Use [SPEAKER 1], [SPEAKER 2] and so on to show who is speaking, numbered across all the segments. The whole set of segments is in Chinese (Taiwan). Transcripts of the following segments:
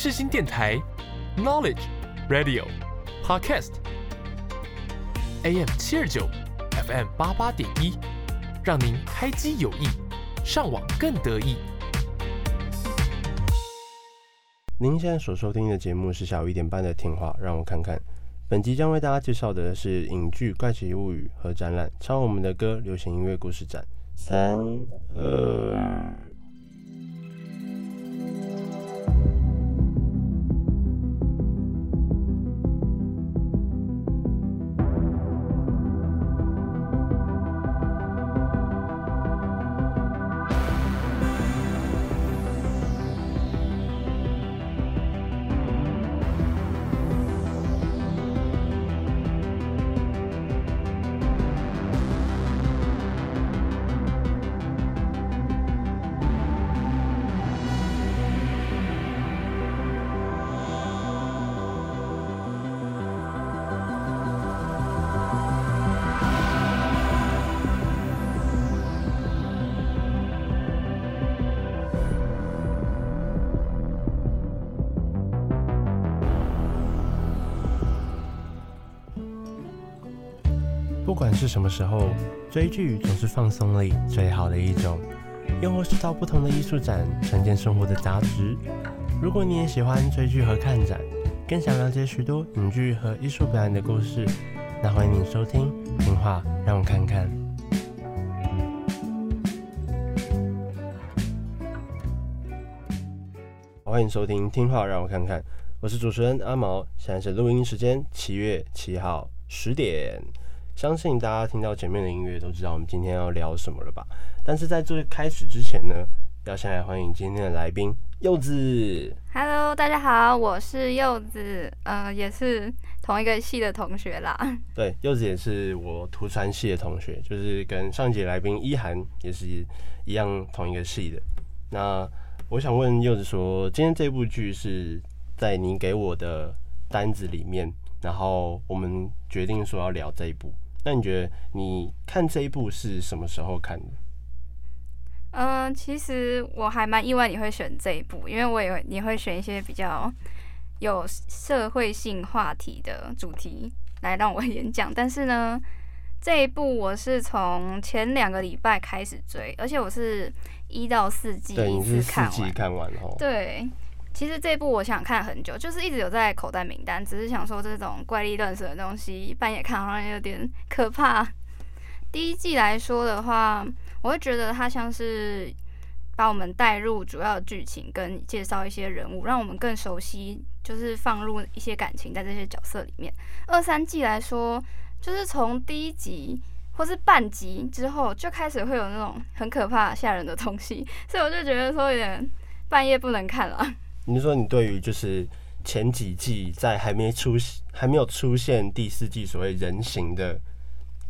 [SPEAKER 1] 世新電台，Knowledge Radio Podcast，AM 七二九，FM 八八點一，讓您開機有意，上網更得意。您現在所收聽的節目是下午一點半的《聽話》，讓我看看。本集將為大家介紹的是影劇《怪奇物語》和展覽《唱我們的歌：流行音樂故事展》。三二。不管是什麼時候追劇，總是放鬆裡最好的一種；又或是到不同的藝術展，沉澱生活的雜質。如果你也喜歡追劇和看展，更想了解許多影劇和藝術表演的故事，那歡迎你收聽《聽話讓我看看》。嗯。歡迎收聽《聽話讓我看看》，我是主持人阿毛，現在是錄音時間，七月七號十點。相信大家聽到前面的音樂，都知道我們今天要聊什麼了吧？但是在最開始之前呢，要先來歡迎今天的來賓柚子。
[SPEAKER 2] Hello，大家好，我是柚子，呃，也是同一個系的同學啦。
[SPEAKER 1] 對，柚子也是我圖傳系的同學，就是跟上一集來賓一涵也是一樣同一個系的。那我想問柚子說，今天這部劇是在你給我的單子裡面，然後我們決定說要聊這一部。那你覺得你看這一部是什麼時候看的？嗯、
[SPEAKER 2] 呃，其實我還蠻意外你會選這一部，因為我也會，你會選一些比較有社會性話題的主題來讓我演講。但是呢，這一部我是從前兩個禮拜開始追，而且我是一到四季，你是四
[SPEAKER 1] 季看完，對。
[SPEAKER 2] 其實這一部我想看很久，就是一直有在口袋名單，只是想說這種怪力亂神的東西半夜看好像有點可怕。第一季來說的話，我會覺得它像是把我們帶入主要劇情，跟介紹一些人物，讓我們更熟悉，就是放入一些感情在這些角色裡面。二三季來說，就是從第一集或是半集之後就開始會有那種很可怕嚇人的東西，所以我就覺得說有點半夜不能看了。
[SPEAKER 1] 你說你對於就是前幾季在還沒出還沒有出現第四季所謂人形的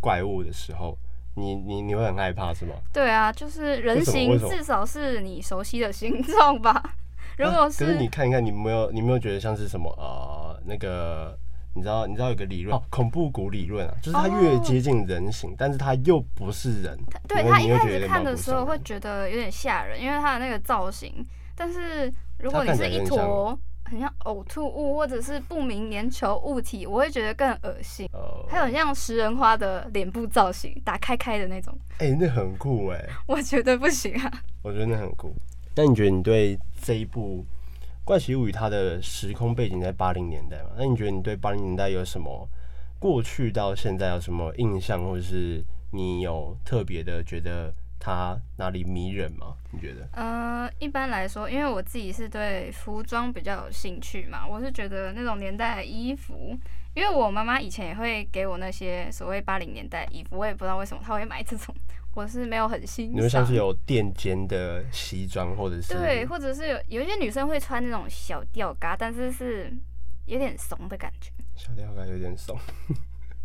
[SPEAKER 1] 怪物的時候，你你你會很害怕是嗎？
[SPEAKER 2] 對啊，就是人形至少是你熟悉的形狀吧、啊。如果是，可是你
[SPEAKER 1] 看一看，你沒有你沒有覺得像是什麼呃那個你知道你知道有個理論、哦、恐怖谷理論啊，就是它越接近人形、哦，但是它又不是人。它對人他一開始看的時候會
[SPEAKER 2] 覺得有點嚇人，因為它的那個造型，但是。如果你是一坨很像嘔吐物或者是不明粘稠物體，我會覺得更惡心。還有像食人花的臉部造型，打開開的那種。
[SPEAKER 1] 欸，那很酷欸！
[SPEAKER 2] 我覺得不行啊。
[SPEAKER 1] 我覺得那很酷。那你覺得你對這一部怪奇物語它的時空背景在八零年代嗎？那你覺得你對八零年代有什麼過去到現在有什麼印象，或者是你有特別的覺得？他哪裡迷人嗎？你覺得？
[SPEAKER 2] 呃，一般來說，因為我自己是對服裝比較有興趣嘛，我是覺得那種年代的衣服，因為我媽媽以前也會給我那些所謂八零年代的衣服，我也不知道為什麼她會買這種，我是沒有很欣賞。因為像是有
[SPEAKER 1] 墊肩的西裝，或者是對，
[SPEAKER 2] 或者是有有一些女生會穿那種小吊嘎，但是是有點慫的感覺，
[SPEAKER 1] 小吊嘎有點慫。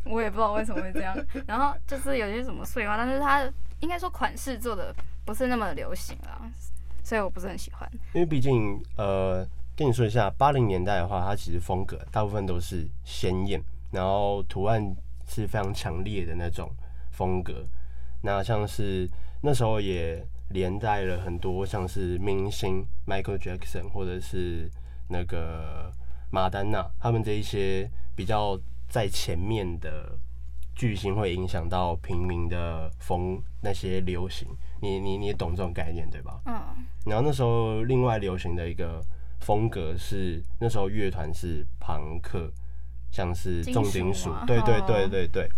[SPEAKER 2] 我也不知道為什麼會這樣， 然後就是有些什麼碎花，但是它應該說款式做的不是那麼流行啦，所以我不是很喜歡。
[SPEAKER 1] 因為畢竟呃，跟你說一下，八零年代的話，它其實風格大部分都是鮮艷，然後圖案是非常強烈的那種風格。那像是那時候也連帶了很多像是明星 Michael Jackson 或者是那個馬丹娜他們這一些比較。在前面的巨星會影響到平民的風，那些流行，你你你懂這種概念對吧？嗯、oh.。然後那時候另外流行的一個風格是那時候樂團是朋克，像是重金屬、啊，對對對對對。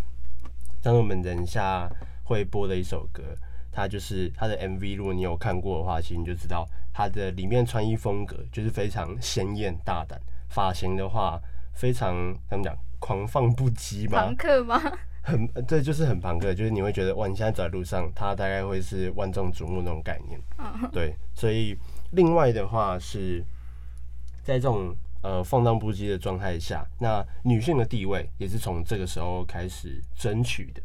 [SPEAKER 1] 但、oh. 是我們等一下會播的一首歌，它就是它的 MV，如果你有看過的話，其實你就知道它的裡面的穿衣風格就是非常鮮艷大膽，髮型的話非常怎麼講？狂放不羈嗎，龐克嗎？很對，就是很龐克，就是你會覺得，哇，你現在走在路上，他大概會是萬眾矚目的那種概念、啊呵呵。對，所以另外的話是，在這種呃放蕩不羈的狀態下，那女性的地位也是從這個時候開始爭取的。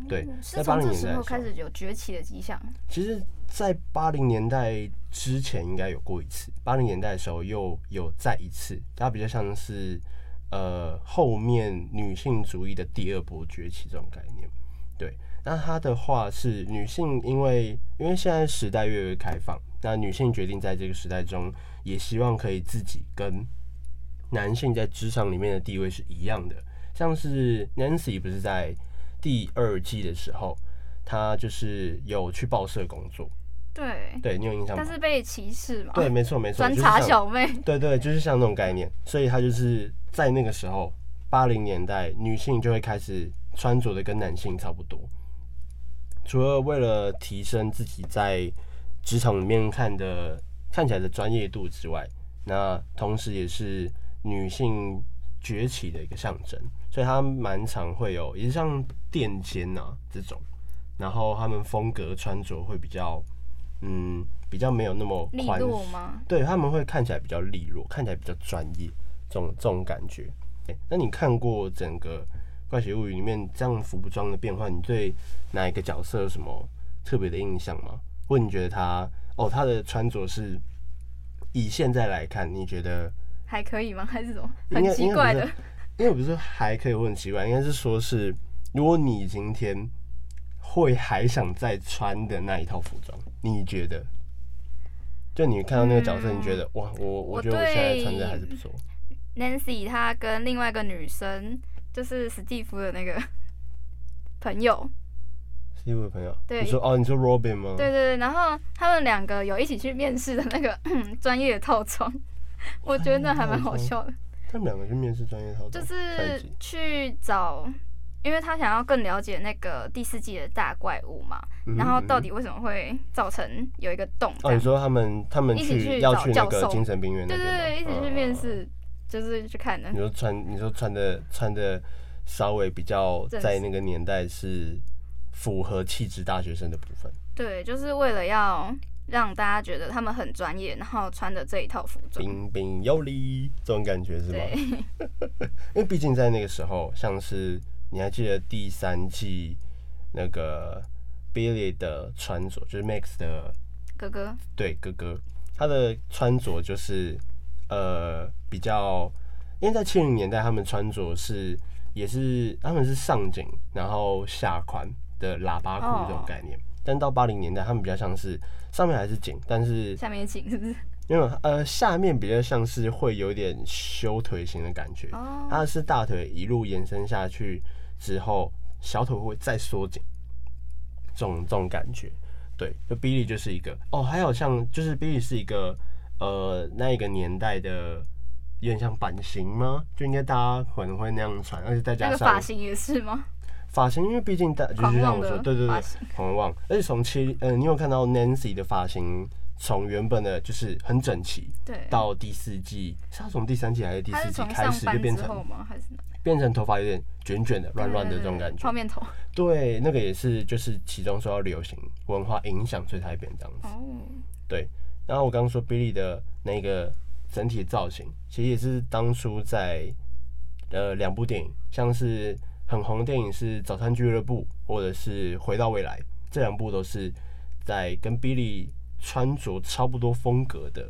[SPEAKER 1] 嗯、對，是從八零年代
[SPEAKER 2] 開始有崛起的跡象。
[SPEAKER 1] 其實，在八零年代之前應該有過一次，八零年代的時候又有再一次，它比較像是。呃，後面女性主義的第二波崛起這種概念，對。那他的話是女性，因為因為現在時代越來越開放，那女性決定在這個時代中，也希望可以自己跟男性在職場裡面的地位是一樣的。像是 Nancy 不是在第二季的時候，她就是有去報社工作，
[SPEAKER 2] 對對，你有印象嗎？她是被歧視嘛？對，沒錯沒錯，端茶小妹，就是，
[SPEAKER 1] 對，對對，就是像那種概念，所以她就是。在那個時候，八零年代，女性就會開始穿着的跟男性差不多，除了為了提升自己在職場裡面看的看起來的專業度之外，那同時也是女性崛起的一個象徵，所以他們蠻常會有，也是像墊肩吶、啊、這種，然後他們風格穿着會比較，嗯，比較沒有那麼寬，利落嗎？對，他們會看起來比較利落，看起來比較專業。這種這種感覺，欸，那你看過整個《怪奇物語》裡面這樣服裝的變化，你對哪一個角色有什麼特別的印象嗎？或你覺得他哦，他的穿着是，以現在來看，你覺得
[SPEAKER 2] 還可以嗎？還是什麼很奇怪的？
[SPEAKER 1] 因為不是，不是說還可以，我很奇怪，應該是說是，如果你今天會還想再穿的那一套服裝，你覺得，就你看到那個角色，嗯，你覺得哇，我我覺得我現在穿着還是不錯。
[SPEAKER 2] Nancy 她跟另外一個女生，就是史蒂夫的那個朋友，
[SPEAKER 1] 史蒂夫的朋友，對，你說哦，你說 Robin 嗎？對對
[SPEAKER 2] 對，然後他們兩個有一起去面試的那個專 業的套裝， 我覺得那還蠻好笑的。
[SPEAKER 1] 他們兩個去面試專業套裝，就是
[SPEAKER 2] 去找，因為他想要更了解那個第四季的大怪物嘛，嗯嗯嗯然後到底為什麼會造成有一個洞？哦、啊，你說
[SPEAKER 1] 他們他們去一起去找教授要去那個精神病院，對對對，
[SPEAKER 2] 一起去面試。嗯嗯嗯就是去看的。你
[SPEAKER 1] 說穿，你說穿的穿的稍微比較在那個年代是符合氣質大學生的部分。
[SPEAKER 2] 對，就是為了要讓大家覺得他們很專業，然後穿的這一套服裝，
[SPEAKER 1] 彬彬有禮這種感覺是吧？對。 因為畢竟在那個時候，像是你還記得第三季那個 Billy 的穿着，就是 Max 的哥哥，對哥哥，他的穿着就是。呃，比較，因為在七零年代，他們穿着是也是他們是上緊，然後下寬的喇叭褲這種概念。Oh. 但到八零年代，他們比較像是上面還是緊，但是下
[SPEAKER 2] 面緊是
[SPEAKER 1] 不是？因為呃，下面比較像是會有點修腿型的感覺。他、oh. 是大腿一路延伸下去之後，小腿會再縮緊，這種這種感覺。對，就 Billy 就是一個哦，還有像就是 Billy 是一個。呃，那一個年代的有點像版型嗎？就應該大家可能會那樣穿，而且再加上髮、那個、
[SPEAKER 2] 型也是嗎？
[SPEAKER 1] 髮型因為畢竟大，就是像我說，對對對，狂妄。而且從七，嗯、呃，你有看到 Nancy 的髮型從原本的就是很整齊，對，到第四季，是要從第三季還是第四季開始就變成，變成頭髮有點卷卷的、亂亂的這種感覺，對對對對，泡麵頭。對，那個也是，就是其中受到流行文化影響，所以才變這樣子。Oh. 對。然後我剛剛說 Billy 的那個整體造型，其實也是當初在呃兩部電影，像是很紅的電影是《早餐俱樂部》或者是《回到未來》，這兩部都是在跟 Billy 穿着差不多風格的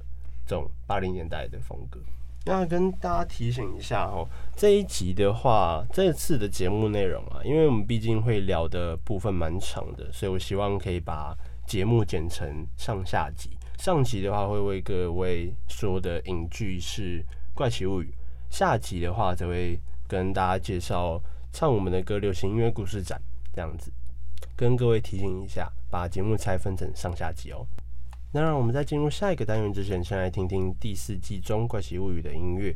[SPEAKER 1] 這種八零年代的風格。那跟大家提醒一下哦，這一集的話，這次的節目內容啊，因為我們畢竟會聊的部分蠻長的，所以我希望可以把節目剪成上下集。上集的話會為各位說的影劇是《怪奇物語》，下集的話則會跟大家介紹唱我們的歌流行音樂故事展這樣子，跟各位提醒一下，把節目拆分成上下集哦。那讓我們在進入下一個單元之前，先來聽聽第四季中《怪奇物語》的音樂，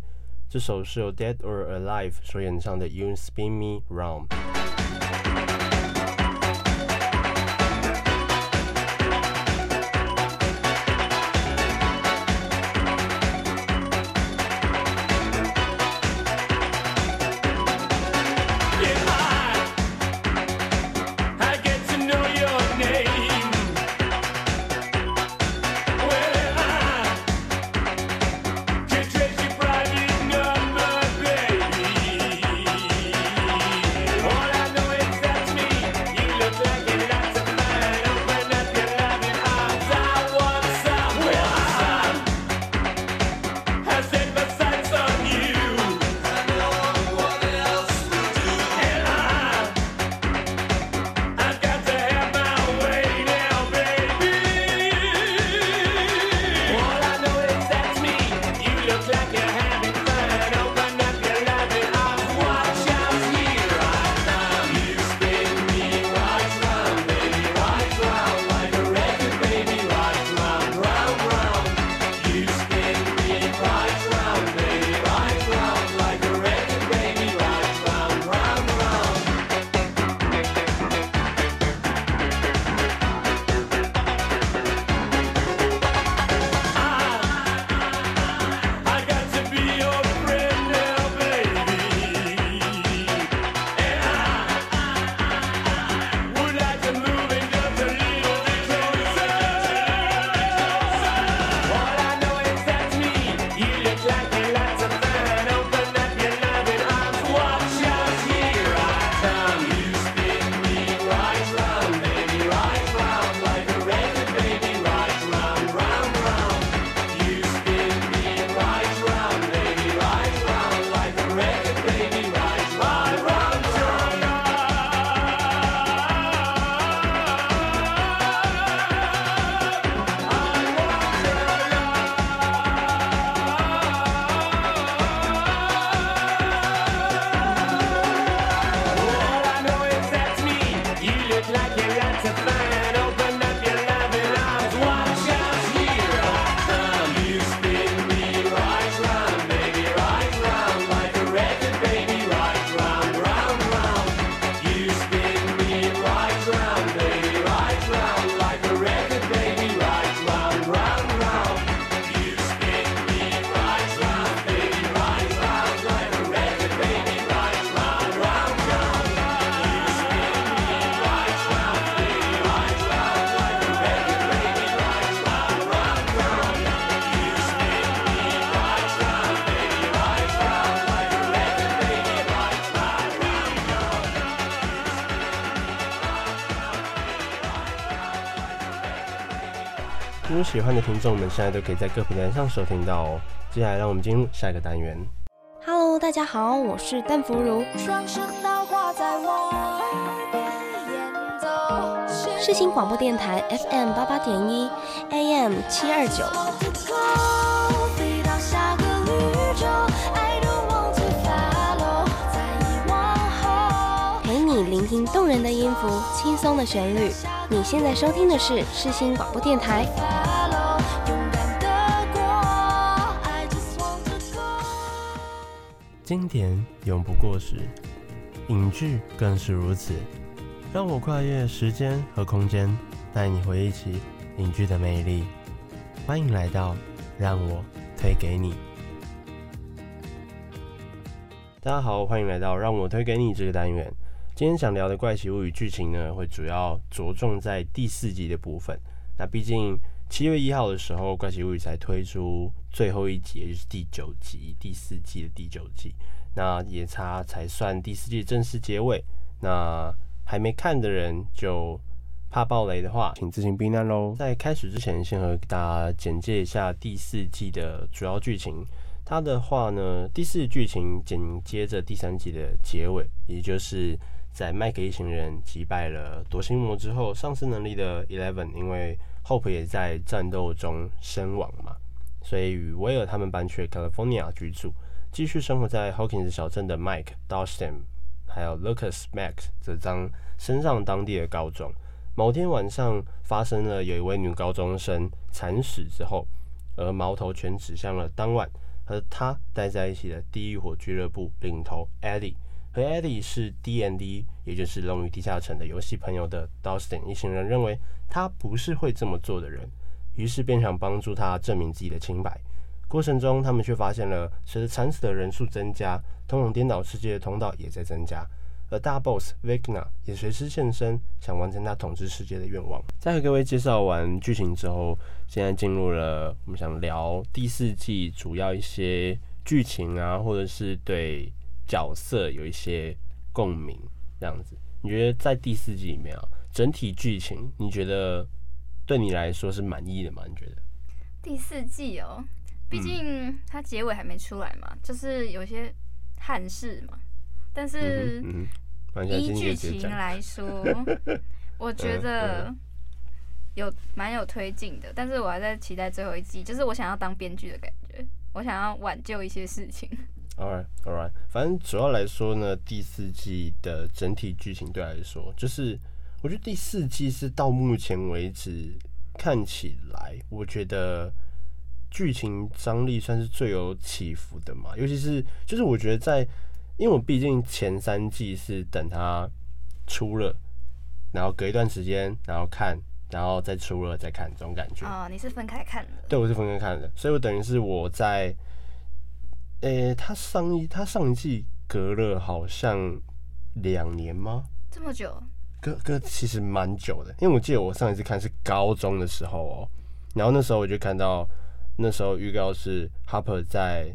[SPEAKER 1] 這首是由 Dead or Alive 所演唱的《You Spin Me Round》。有喜歡的聽眾們現在都可以在各平台上收聽到哦。接下來讓我們進入下一個單元。
[SPEAKER 2] Hello，大家好，我是鄧福如。世新廣播電臺 FM 八八點一，AM 七二九。陪你聆聽動人的音符，輕鬆的旋律。你現在收聽的是世新廣播電臺。
[SPEAKER 1] 經典永不過時，影劇更是如此。讓我跨越時間和空間，帶你回憶起影劇的魅力。歡迎來到讓我推給你。大家好，歡迎來到讓我推給你這個單元。今天想聊的怪奇物語劇情呢，會主要着重在第四季的部分。那畢竟七月一號的時候，怪奇物語才推出。最後一集，也就是第九集，第四季的第九集，那也差才算第四季正式結尾。那還沒看的人就怕暴雷的話，請自行避難嘍。在開始之前，先和大家簡介一下第四季的主要劇情。它的話呢，第四季劇情緊接着第三季的結尾，也就是在麥克一行人擊敗了奪心魔之後，喪失能力的 Eleven 因為 Hope 也在戰鬥中身亡嘛。所以，與威爾他們搬去 California 居住，繼續生活在 Hawkins 小鎮的 Mike、Dustin 還有 Lucas、Max，這張身上當地的高中。某天晚上發生了有一位女高中生慘死之後，而矛頭全指向了當晚和她待在一起的地獄火俱樂部領頭 Eddie。和 Eddie 是 D N D，也就是《龍與地下城》的遊戲朋友的 Dustin 一行人認為他不是會這麼做的人。於是便想幫助他證明自己的清白，過程中他們卻發現了，隨着慘死的人數增加，通往顛倒世界的通道也在增加，而大 boss Vecna 也隨之現身，想完成他統治世界的願望。在和各位介紹完劇情之後，現在進入了我們想聊第四季主要一些劇情啊，或者是對角色有一些共鳴這樣子，你覺得在第四季裡面啊，整體劇情你覺得？對你來說是滿意的嗎？你覺得
[SPEAKER 2] 第四季哦、喔，
[SPEAKER 1] 畢竟
[SPEAKER 2] 它結尾還沒出來嘛，嗯、就是有些憾事嘛。但是依劇情來說，我覺得有蠻有推進的。但是我還在期待最後一季，就是我想要當編劇的感覺，我想要挽救一些事情。
[SPEAKER 1] All right, all right，反正主要來說呢，第四季的整體劇情對來說就是。我覺得第四季是到目前為止看起來，我覺得劇情張力算是最有起伏的嘛。尤其是，就是我覺得在，因為我畢竟前三季是等它出了，然後隔一段時間，然後看，然後再出了再看這種感覺啊。
[SPEAKER 2] 你是分開看
[SPEAKER 1] 的？對，我是分開看的，所以我等於是我在，哎，它上一它上一季隔了好像兩年嗎？
[SPEAKER 2] 這麼久。
[SPEAKER 1] 歌哥,哥其實蠻久的，因為我記得我上一次看是高中的時候哦、喔，然後那時候我就看到那時候預告是 Hopper 在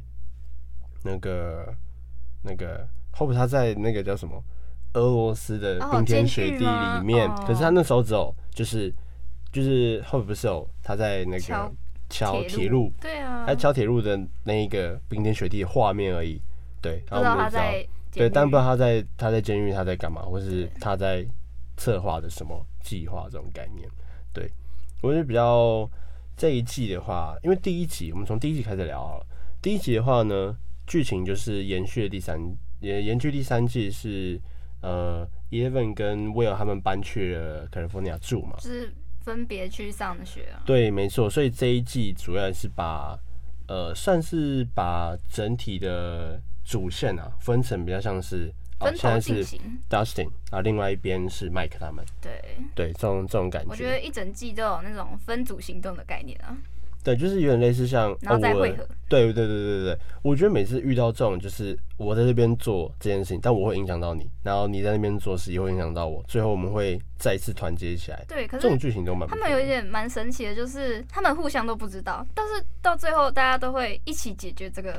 [SPEAKER 1] 那個那個 Hopper 他在那個叫什麼俄羅斯的冰天雪地裡面，哦、可是他那時候只有就是就是 Hopper 不會是哦，他在那個敲鐵路,敲鐵路對啊，哎、敲鐵路的那一個冰天雪地的畫面而已，對，然後我們就知不知
[SPEAKER 2] 道他在對，但不知
[SPEAKER 1] 道他在他在監獄他在幹嘛，或是他在。策劃的什麼計劃這種概念，對，我覺得比較這一季的話，因為第一集我們從第一集開始聊好了。第一集的話呢，劇情就是延續了第三也延續第三季是呃，Eleven 跟 Will 他們搬去了 California 住嘛，
[SPEAKER 2] 是分別去上學啊。
[SPEAKER 1] 對，沒錯。所以這一季主要是把呃，算是把整體的主線啊分成比較像是。分組進行，Dustin，然後另外一邊是 Mike 他們。對對，這種這種感覺。我覺
[SPEAKER 2] 得一整季都有那種分組行動的概念啊。
[SPEAKER 1] 對，就是有點類似像，然後再會合。對對對對對對，我覺得每次遇到這種，就是我在這邊做這件事情，但我會影響到你，然後你在那邊做事也會影響到我，最後我們會再一次團結起來。對，可是這種劇情都蠻。他們
[SPEAKER 2] 有一點蠻神奇的，就是他們互相都不知道，但是到最後大家都會一起解決這個。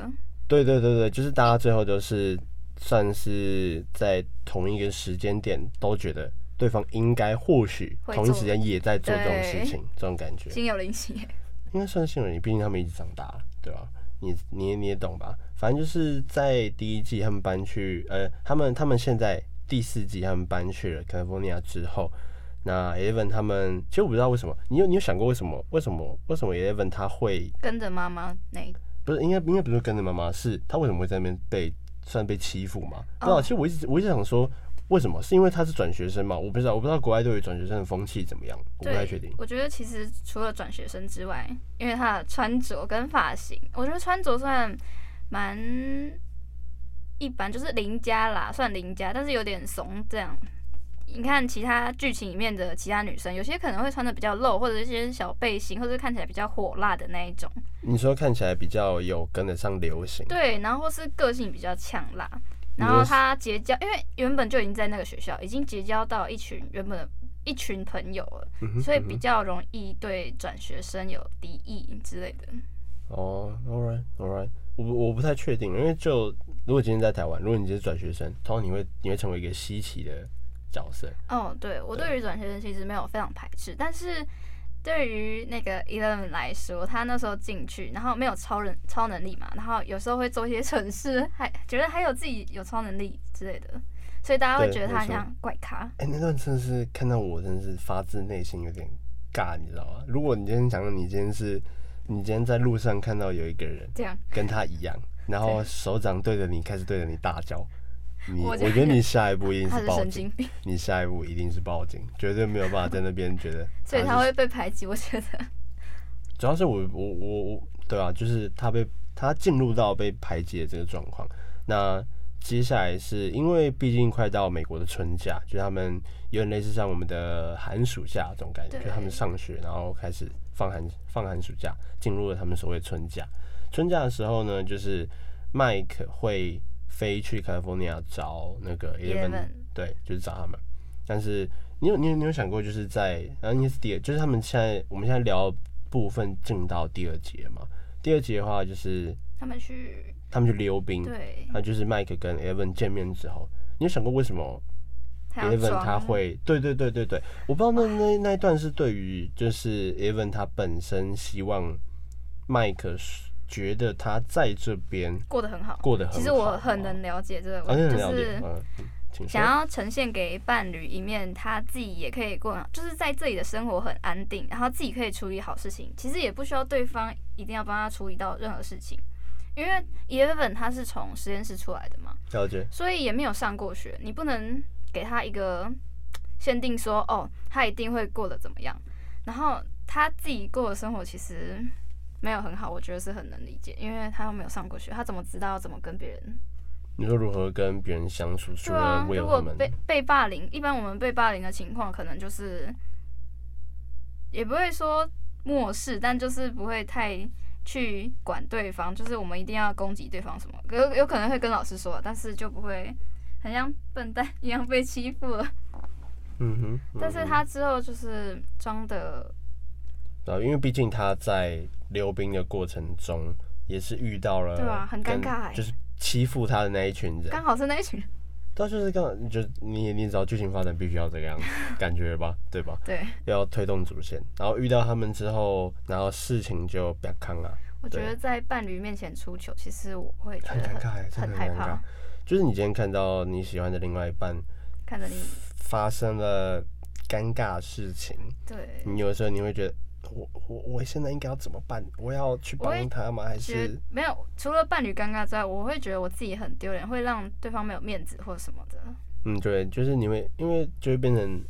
[SPEAKER 1] 對對對對，就是大家最後都、就是。算是在同一個時間點都覺得對方應該或許同一時間也在做這種事情，這種感覺。心有靈犀應該算是心有靈犀，畢竟他們已經長大對吧、啊？你你也你也懂吧？反正就是在第一季他們搬去，呃，他們他們現在第四季他們搬去了加利福尼亞之後，那 Eleven 他們其實我不知道為什麼，你有你有想過為什麼？為什麼為什麼 Eleven 他會
[SPEAKER 2] 跟着媽媽？那個。
[SPEAKER 1] 不是應該應該不是跟着媽媽？是他為什麼會在那邊被？算被欺負嗎？不知道。哦。其實我一直我一直想說，為什麼？是因為他是轉學生嗎？我不知道，我不知道國外對於轉學生的風氣怎麼樣，我不太確定。我
[SPEAKER 2] 覺得其實除了轉學生之外，因為他的穿着跟髮型，我覺得穿着算蠻一般，就是鄰家啦，算鄰家，但是有點慫這樣。你看其他劇情裡面的其他女生，有些可能會穿得比較露，或者是一些小背心，或者是看起來比較火辣的那一種。
[SPEAKER 1] 你說看起來比較有跟得上流行？
[SPEAKER 2] 對，然後或是個性比較嗆辣，
[SPEAKER 1] 然後她
[SPEAKER 2] 結交，因為原本就已經在那個學校，已經結交到一群原本的一群朋友了， 所以比較容易對轉學生有敵意之類的。
[SPEAKER 1] 哦，oh，All right，All right，我我不太確定，因為就如果今天在台灣，如果你是轉學生，通常你會你會成為一個稀奇的。角
[SPEAKER 2] 色哦，oh, 對我對於轉學生其實沒有非常排斥，但是對於那個 Eleven 來說，他那時候進去，然後沒有超人超能力嘛，然後有時候會做一些蠢事，還覺得還有自己有超能力之類的，所以大家會覺得他很像
[SPEAKER 1] 怪咖。哎，那段真是看到我，真是發自內心有點尬，你知道嗎？如果你今天講的，你今天是，你今天在路上看到有一個人這樣跟他一樣，然後手掌對着你，開始對着你大叫。你我覺得你下一步一定是報警，你下一步一定是報警，絕對沒有辦法在那邊覺得。所以他會
[SPEAKER 2] 被排擠，我覺得。
[SPEAKER 1] 主要是我我我我對啊，就是他被他進入到被排擠的這個狀況。那接下來是因為畢竟快到美國的春假，就是他們有點類似像我們的寒暑假這種感覺，就他們上學然後開始放寒放寒暑假，進入了他們所謂春假。春假的時候呢，就是麥克會。飛去加利福尼亞找那個 Evan，、Eleven、對，就是找他們。但是你有你有你有想過，就是在你是第二，、啊、就是他們現在我們現在聊部分進到第二節嘛？第二節的話就是他們去，他們去溜冰。對，那、啊、就是麥克跟 Eleven 見面之後，你有想過為什麼 Eleven 他會？他他會對對對對對，我不知道那那那一段是對於就是 Eleven 他本身希望麥克。覺得他在這邊過
[SPEAKER 2] 得很好，過得很好。其實我很能了解這個，啊、我
[SPEAKER 1] 就是想要
[SPEAKER 2] 呈現給伴侶一面，他自己也可以過，就是在這裡的生活很安定，然後自己可以處理好事情。其實也不需要對方一定要幫他處理到任何事情，因為 Eleven 他是從實驗室出來的嘛，所以也沒有上過學。你不能給他一個限定說，哦，他一定會過得怎麼樣，然後他自己過的生活其實。沒有很好，我覺得是很能理解，因為他又沒有上過學，他怎麼知道怎麼跟別人？
[SPEAKER 1] 你說如何跟別人相處了了？對啊，如果被
[SPEAKER 2] 被霸凌，一般我們被霸凌的情況，可能就是也不會說漠視，但就是不會太去管對方，就是我們一定要攻擊對方什麼，有有可能會跟老師說，但是就不會很像笨蛋一樣被欺負了嗯。嗯
[SPEAKER 1] 哼，但是他
[SPEAKER 2] 之後就是裝的
[SPEAKER 1] 啊，因為畢竟他在。溜冰的過程中，也是遇到了，對啊，很尷尬，就是欺負他的那一群人，剛好是那一群人，啊，他就是剛好，就你你一定知道劇情發展必須要這個樣子，感覺吧， 對吧？對，要推動主線，然後遇到他們之後，然後事情就較看了。我覺得
[SPEAKER 2] 在伴侶面前出糗，其實我會覺得很尷尬，真的很尷尬。
[SPEAKER 1] 就是你今天看到你喜歡的另外一半，看着你發生了尷尬的事情，對，你有的時候你會覺得。我我我現在應該要怎麼辦？我要去幫他嗎？還是
[SPEAKER 2] 沒有？除了伴侶尷尬之外，我會覺得我自己很丟臉，會讓對方沒有面子或者什麼的。
[SPEAKER 1] 嗯，對，就是你會因為就會變成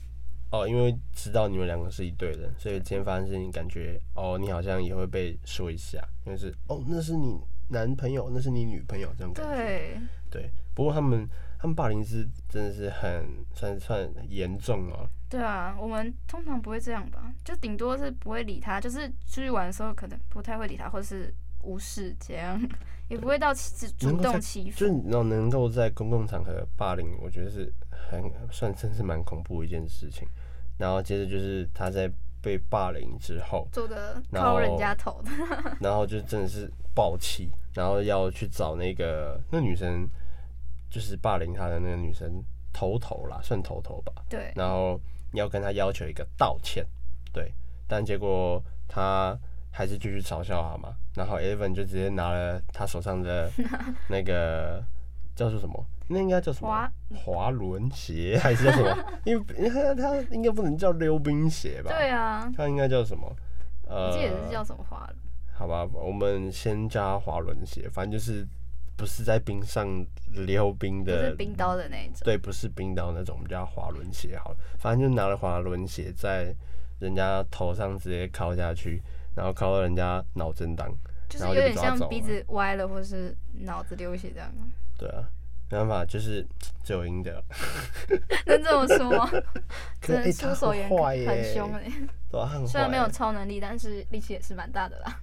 [SPEAKER 1] 哦，因為知道你們兩個是一對的，所以今天發生事情，感覺哦，你好像也會被說一下，因為是哦，那是你男朋友，那是你女朋友，這
[SPEAKER 2] 種感
[SPEAKER 1] 覺。對，對。不過他們他們霸凌是真的是很算算很嚴重哦。
[SPEAKER 2] 對啊，我們通常不會這樣吧，就頂多是不會理他，就是出去玩的時候可能不太會理他，或是無視這樣，也不會到其主動欺
[SPEAKER 1] 負。就能夠在公共場合霸凌，我覺得是很算真是蠻恐怖的一件事情。然後接着就是他在被霸凌之後，
[SPEAKER 2] 做的敲人家頭然，
[SPEAKER 1] 然後就真的是爆氣，然後要去找那個那女生，就是霸凌他的那個女生頭頭啦，算頭頭吧。對，然後。要跟他要求一個道歉，對，但結果他還是繼續嘲笑，好嗎？然後 Eleven 就直接拿了他手上的那個叫做什麼？那應該叫什麼？滑輪鞋還是叫什麼？因為他他應該不能叫溜冰鞋吧？對啊，他應該叫什麼？呃，這是叫什麼滑？好吧，我們先加滑輪鞋，反正就是。不是在冰上溜冰的，不是
[SPEAKER 2] 冰刀的那一種。
[SPEAKER 1] 對，不是冰刀那種，我們叫滑輪鞋。好了，反正就拿了滑輪鞋在人家頭上直接敲下去，然後敲到人家腦震盪，就是有點像鼻子
[SPEAKER 2] 歪了或是腦子流血這樣。
[SPEAKER 1] 對啊，沒辦法，就是罪有應得。
[SPEAKER 2] 能 這麼說嗎？ 可能出手也很凶哎、欸，雖然沒有超能力，但是力氣也是蠻大的啦。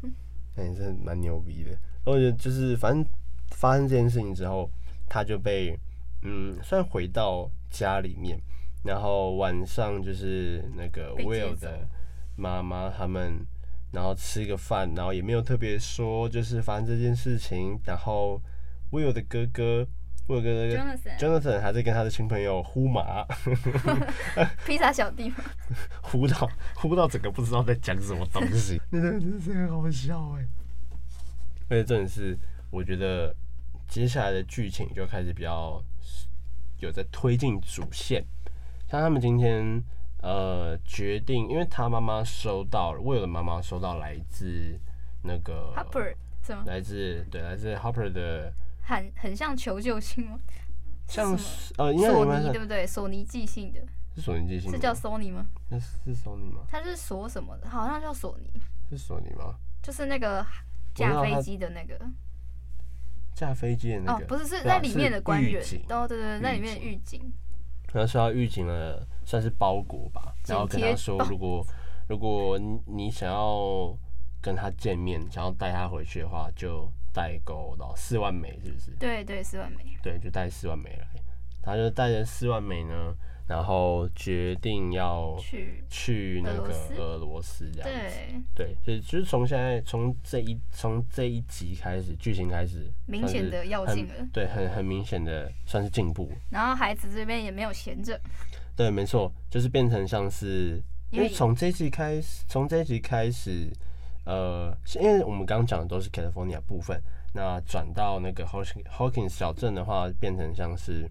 [SPEAKER 2] 那
[SPEAKER 1] 也是蠻牛逼的。我覺得就是反正。發生這件事情之後，他就被嗯，算回到家裡面，然後晚上就是那個 Will 的媽媽他們，然後吃一個飯，然後也沒有特別說就是發生這件事情。然後 Will 的哥哥 Will 哥哥 Jonathan 還在跟他的新朋友呼麻，哈
[SPEAKER 2] 哈披薩小弟嗎？
[SPEAKER 1] 呼到呼到整個不知道在講什麼東西，那真的是很好笑哎，而且重點是我覺得。接下來的劇情就開始比較有在推進主線，像他們今天呃決定，因為他媽媽收到了，威爾的媽媽收到來自那個
[SPEAKER 2] Hopper 什麼？來
[SPEAKER 1] 自對，來自 Hopper 的
[SPEAKER 2] 很很像求救信嗎？像
[SPEAKER 1] 嗎呃索尼對不
[SPEAKER 2] 對？索尼寄信的，是索尼寄信，是叫索尼嗎？
[SPEAKER 1] 那是索尼嗎？
[SPEAKER 2] 它是索什麼的？好像叫索尼，
[SPEAKER 1] 是索尼嗎？
[SPEAKER 2] 就是那個駕飛機的那個。
[SPEAKER 1] 駕飛機的那個、哦、不是，是那裡面的官員，
[SPEAKER 2] 對、啊、對，對對，那裡
[SPEAKER 1] 面的獄警，然後說要獄警了，算是包裹吧，然後跟他說，如果、哦、如果你想要跟他見面， 想要帶他回去的話就，就帶夠了四萬美，是不是？對
[SPEAKER 2] 對，對，四萬美，
[SPEAKER 1] 對，就帶四萬美來，他就帶着四萬美呢。然後決定要去去那個俄羅斯這樣子，對，就是從現在從這一從這一集開始劇情開始明顯的要進了，對，很很明顯的算是進步。
[SPEAKER 2] 然後孩子這邊也沒有閒着，
[SPEAKER 1] 對，沒錯，就是變成像是因為從這一集開始，從這一集開始，呃，因為我們剛剛講的都是 California 部分，那轉到那個 Hawkins Hawkins 小鎮的話，變成像是。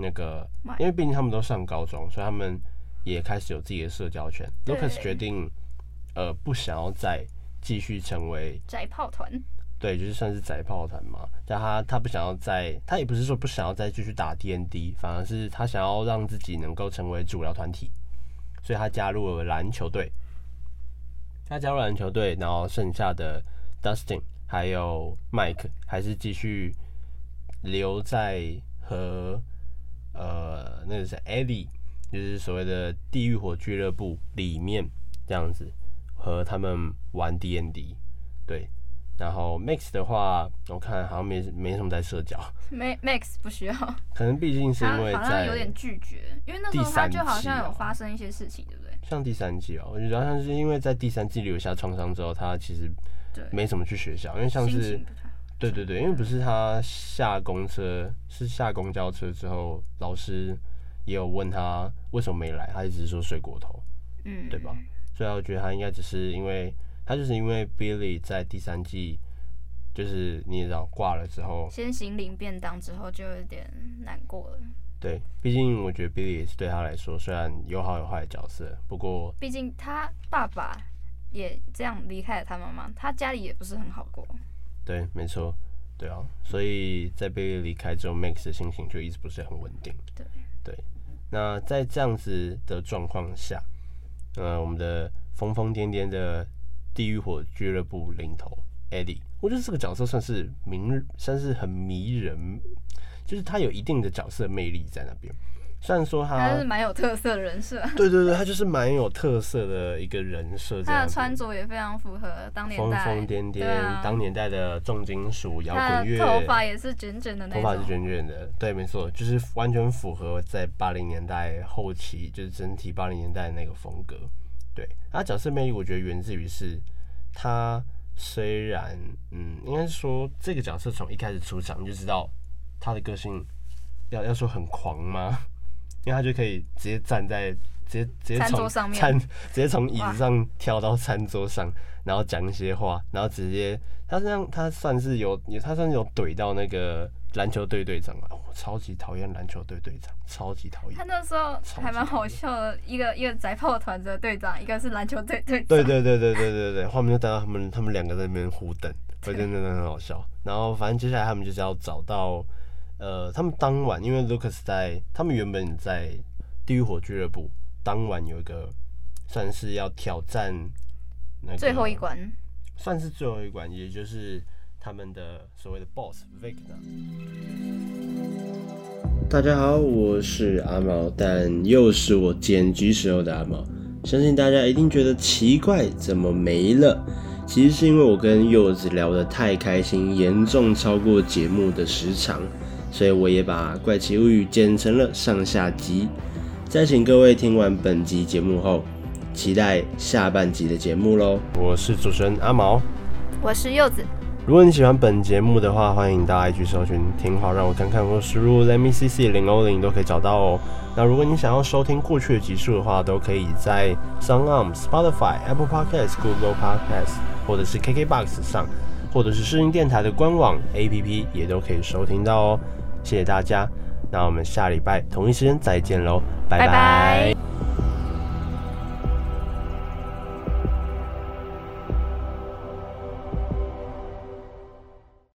[SPEAKER 1] 那個，因為畢竟他們都上高中，所以他們也開始有自己的社交圈。Lucas 決定，呃，不想要再繼續成為
[SPEAKER 2] 宅炮團，
[SPEAKER 1] 對，就是算是宅炮團嘛。但他他不想要再，他也不是說不想要再繼續打 D&D，反而是他想要讓自己能夠成為主流團體，所以他加入了籃球隊。他加入籃球隊，然後剩下的 Dustin 還有 Mike 還是繼續留在和。呃，那個是 Eddie，就是所謂的地獄火俱樂部裡面這樣子，和他們玩 D N D，對。然後 Max 的話，我看好像沒沒什麼在社交，
[SPEAKER 2] 沒 Max 不需要。
[SPEAKER 1] 可能畢竟是因為在、哦，好像有
[SPEAKER 2] 點拒絕，因為那時候他就好像有發生一些事情，對不
[SPEAKER 1] 對？像第三季哦，我覺得好像是因為在第三季留下創傷之後，他其實沒什麼去學校，因為像是。對對對，因為不是他下公車，是下公交車之後，老師也有問他為什麼沒來，他一直說睡過頭，嗯，對吧？所以我覺得他應該只是因為，他就是因為 Billy 在第三季就是你也知道掛了之後，先
[SPEAKER 2] 行領便當之後就有點難過了。
[SPEAKER 1] 對，畢竟我覺得 Billy 也是對他來說雖然有好有壞的角色，不過
[SPEAKER 2] 畢竟他爸爸也這樣離開了他媽媽，他家裡也不是很好過。
[SPEAKER 1] 對，沒錯，對啊，所以在貝利離開之後，Max 的心情就一直不是很穩定，對。對，那在這樣子的狀況下，呃，我們的瘋瘋癲癲的地獄火俱樂部領頭 Eddie，我覺得這個角色算是迷，算是很迷人，就是他有一定的角色魅力在那邊。雖然說他還是蠻
[SPEAKER 2] 有特色的人設，對
[SPEAKER 1] 對對，他就是蠻有特色的一個人設。 他，他的
[SPEAKER 2] 穿着也非常符合當年代，瘋瘋癲癲，當
[SPEAKER 1] 年代的重金屬搖滾樂。他的頭髮也是捲捲的
[SPEAKER 2] 那種。頭髮是
[SPEAKER 1] 捲捲的，對，沒錯，就是完全符合在八零年代後期，就是整體八零年代那個風格。對，他角色魅力，我覺得源自於是他雖然，嗯，應該說這個角色從一開始出場你就知道他的個性，要要說很狂嗎？因為他就可以直接站在直接直接從餐桌上面，餐直接從椅子上跳到餐桌上，然後講一些話，然後直接他這樣他算是有他算是有懟到那個籃球隊隊長啊，我、哦、超級討厭籃球隊隊長，超級討
[SPEAKER 2] 厭。他那時候還蠻好笑的，的一個一個宅炮團的隊長，一個是籃球隊
[SPEAKER 1] 隊長。對對對對對對對，後面就帶到他們他們兩個在那邊互瞪，所以真的很好笑。然後反正接下來他們就是要找到。呃，他們當晚因為 Lucas 在，他們原本在地獄火俱樂部，當晚有一個算是要挑戰，那個，最後一關，算是最後一關，也就是他們的所謂的 boss Vecna。大家好，我是阿毛，但又是我剪輯時候的阿毛，相信大家一定覺得奇怪，怎麼沒了？其實是因為我跟柚子聊得太開心，嚴重超過節目的時長。所以我也把《怪奇物語》剪成了上下集，再請各位聽完本集節目後，期待下半集的節目嘍。我是主持人阿毛，
[SPEAKER 2] 我是柚子。
[SPEAKER 1] 如果你喜歡本節目的話，歡迎到 IG 搜尋“聽話讓我看看”或輸入 “let me cc 零零”都可以找到哦。那如果你想要收聽過去的集數的話，都可以在 SoundOn Spotify、Apple Podcasts、Google Podcasts 或者是 KKBox 上，或者是視頻電台的官網 APP 也都可以收聽到哦。謝謝大家，那我們下禮拜同一時間再見嘍，拜拜。拜拜。